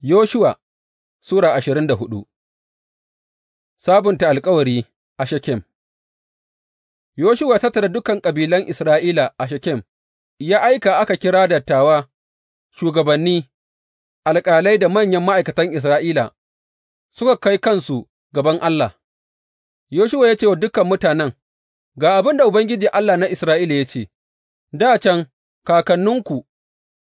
Yoshuwa Sura ashirin da hudu Sabunta alkawari a Shekem Yoshuwa tattara dukan kabilan Isra'ila a Shekem, ya aika aka kira dattawa, shugabanni, alƙalai da manyan ma'aikatan Isra'ila, suka kai kansu gaban Allah, Yoshuwa ya ce wa dukan mutanen, Ga abin da Ubangiji Allah na Isra'ila ya ce, Da can kakanninku,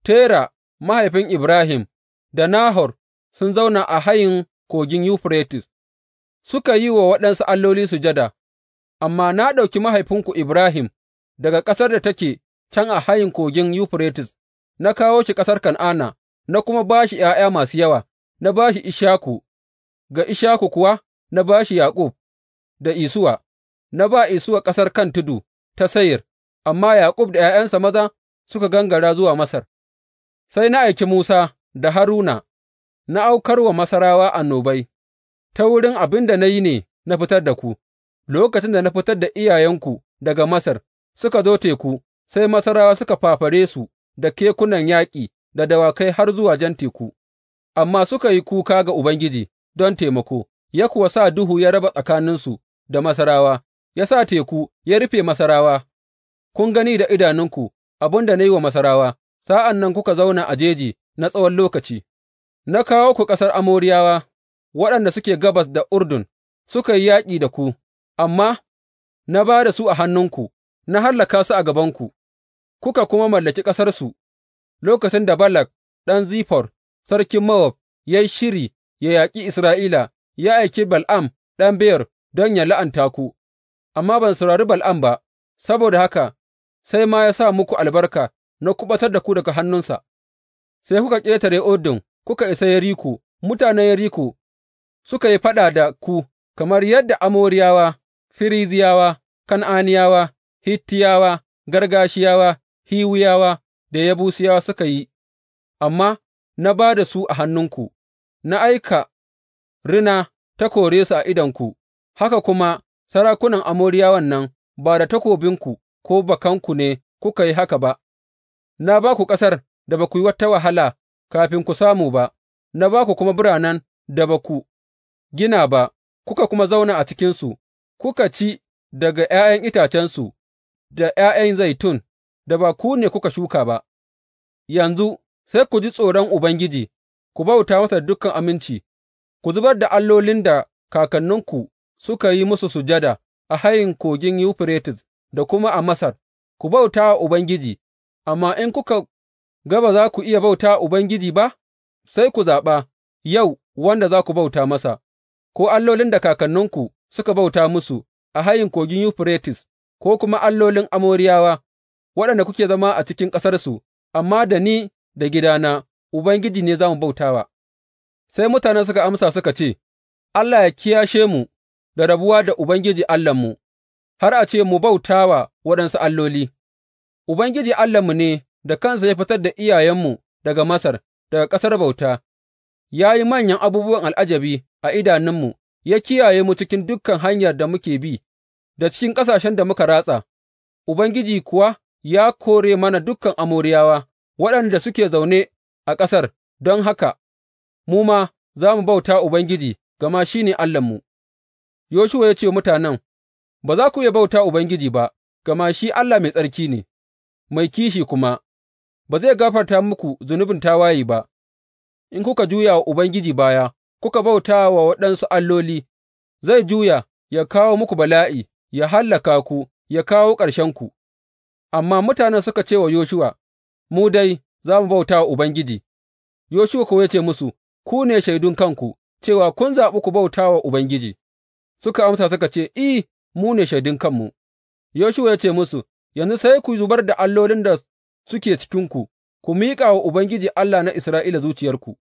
Tera mahaifin Ibrahim. da Nahor sun zauna a hayin kogin Yuferites, suka yi wa waɗansu alloli sujada, amma na ɗauki mahaifinku Ibrahim daga ƙasar da take can a hayin kogin Yuferites, na kawo shi ƙasar Kan'ana, na kuma ba shi ’ya'ya masu yawa, na ba shi Ishaku, ga Ishaku kuwa na ba shi Yaƙub da Isuwa, na ba Isuwa ƙasar kan tudu ta Sayir, amma Yaƙub da ’ya'yansa maza suka gangara zuwa Masar. Sai na aiki Musa da Haruna, na aukar wa Masarawa annobai, ta wurin abin da na yi ne na fitar da ku, lokacin da na fitar da iyayenku daga Masar suka zo teku, sai Masarawa suka fafare su da kekunan yaƙi da dawakai har zuwa Jan Teku, amma suka yi kuka ga Ubangiji don taimako, ya kuwa sa duhu ya raba tsakaninsu da Masarawa, ya sa teku ya rufe Masarawa, kun gani da idanunku abin da na yi wa Masarawa, sa'an nan kuka zauna a jeji na tsawon lokaci, na kawo ku ƙasar Amoriyawa waɗanda suke gabas da Urdun suka yi yaƙi da ku, amma na ba da su a hannunku, na hallaka su a gabanku, kuka kuma mallaki ƙasarsu lokacin da Balak ɗan Zifor, sarkin Mawab, ya yi shiri ya yaƙi Isra'ila, ya aiki Bal'am ɗan Beyar don ya la'anta ku, amma ban saurari Bal'am ba, saboda haka sai ma ya sa muku albarka na kuɓatar da ku daga hannunsa. sai kuka ƙetare Urdun kuka isa Yeriko, mutanen Yeriko suka yi faɗa da ku, kamar yadda Amoriyawa, Firiziyawa, Kan'aniyawa, Hittiyawa, Gargashiyawa, Hiwiyawa da Yabusiyawa suka yi, amma na ba da su a hannunku, na aika rina ta kore su a ku. haka kuma sarakunan Amoriyawan nan ba da takobinku ko bakanku ne kuka yi haka ba, na ba ku ƙasar da ba ku yi wata wahala kafin ku samu ba, na ba ku kuma biranen da ba ku gina ba, kuka kuma zauna a cikinsu, kuka ci daga ’ya'yan itacensu da ’ya'yan zaitun da ba ku ne kuka shuka ba, yanzu sai ku ji tsoron Ubangiji, ku bauta masa dukan aminci, ku zubar da allolin da kakanninku suka yi musu sujada a hayin kogin Yuferites da kuma a Masar, ku bauta wa Ubangiji, amma in kuka Gaba za ku iya bauta Ubangiji ba, sai ku zaɓa yau wanda za ku bauta masa, ko allolin da kakanninku suka bauta musu a hayin kogin Yuferites, ko kuma allolin Amoriyawa, waɗanda kuke zama a cikin ƙasarsu, amma da ni da gidana, Ubangiji ne za mu bauta wa. Sai mutanen suka amsa suka ce, Allah ya kiyashe mu da rabuwa da Ubangiji Allahnmu, har a ce mu bauta wa waɗansu alloli, Ubangiji Allahnmu ne da kansa ya fitar da iyayenmu daga Masar, daga ƙasar bauta, ya yi manyan abubuwan al'ajabi a idanunmu, ya kiyaye mu cikin dukan hanyar da muke bi, da cikin ƙasashen da muka ratsa, Ubangiji kuwa ya kore mana dukan Amoriyawa waɗanda suke zaune a ƙasar, don haka mu ma za mu bauta Ubangiji, gama shi ne Allahnmu. Yoshuwa ya ce mutanen, Ba za ku iya bauta Ubangiji ba, gama shi Allah mai tsarki ne, mai kishi kuma, ba zai gafarta muku zunubin tawaye ba, in kuka juya wa Ubangiji baya, kuka bauta wa waɗansu alloli, zai juya ya kawo muku bala'i, ya hallaka ku, ya kawo ƙarshenku. Amma mutanen suka ce wa Yoshuwa, Mu dai za mu bauta wa Ubangiji, Yoshuwa kuwa ya ce musu, Ku ne shaidun kanku, cewa kun zaɓi ku bauta wa Ubangiji. Suka amsa suka ce, I, mu ne shaidun kanmu. Yoshuwa ya ce musu, Yanzu sai ku zubar da allolin da suke cikinku, ku miƙa wa Ubangiji Allah na Isra'ila zuciyarku.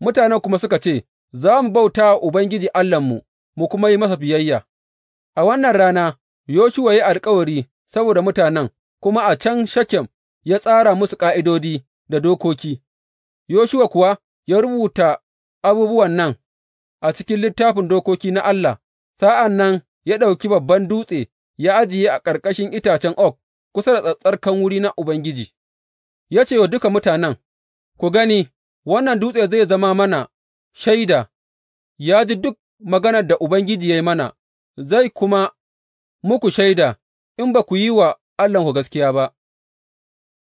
Mutanen kuma suka ce, Za mu bauta wa Ubangiji Allahnmu, mu kuma yi masa biyayya. A wannan rana, Yoshuwa ya alkawari saboda mutanen, kuma a can shaken ya tsara musu ƙa'idodi da dokoki, Yoshuwa kuwa ya rubuta abubuwan nan a cikin littafin dokoki na Allah, sa'an nan ya ɗauki babban dutse ya ajiye a ƙarƙashin itacen ok. kusa da tsattsarkan wuri na Ubangiji, ya ce wa duka mutanen, Ku gani, wannan dutse zai zama mana shaida, ya ji duk maganar da Ubangiji ya yi mana, zai kuma muku shaida in ba ku yi wa Allahnku gaskiya ba.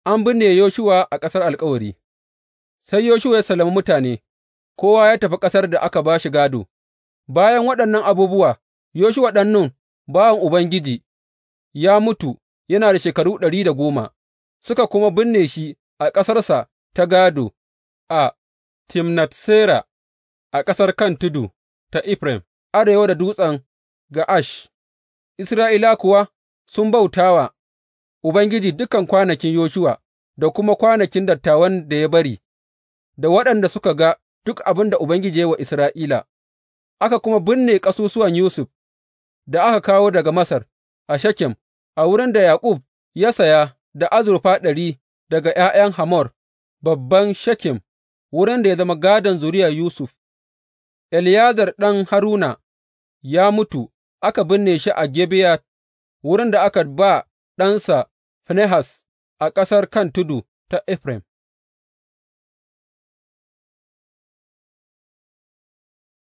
An binne Yoshuwa a ƙasar alkawari Sai Yoshuwa ya salami mutane, kowa ya tafi ƙasar da aka ba shi gado Bayan waɗannan abubuwa, Yoshuwa ɗan Nun, bawan Ubangiji, ya mutu yana da shekaru ɗari da goma, suka kuma binne shi a ƙasarsa ta Gado a Timnat Sera a ƙasar kan tudu ta Efraim, arewa da dutsen Ga'ash, Isra'ila kuwa sun bauta wa Ubangiji dukan kwanakin Yoshuwa da kuma kwanakin dattawan da ya bari, da waɗanda suka ga duk abin da Ubangiji ya wa Isra'ila, aka kuma binne ƙasusuwan Yusuf da aka kawo daga Masar a Shekem a wurin da Yaƙub ya saya da azurfa ɗari daga ’ya'yan Hamor, babban Shekem, wurin da ya zama gādon zuriyar Yusuf, Eleyazar ɗan Haruna ya mutu, aka binne shi a Gibeya, wurin da aka ba ɗansa Finehas a ƙasar kan tudu ta Efraim.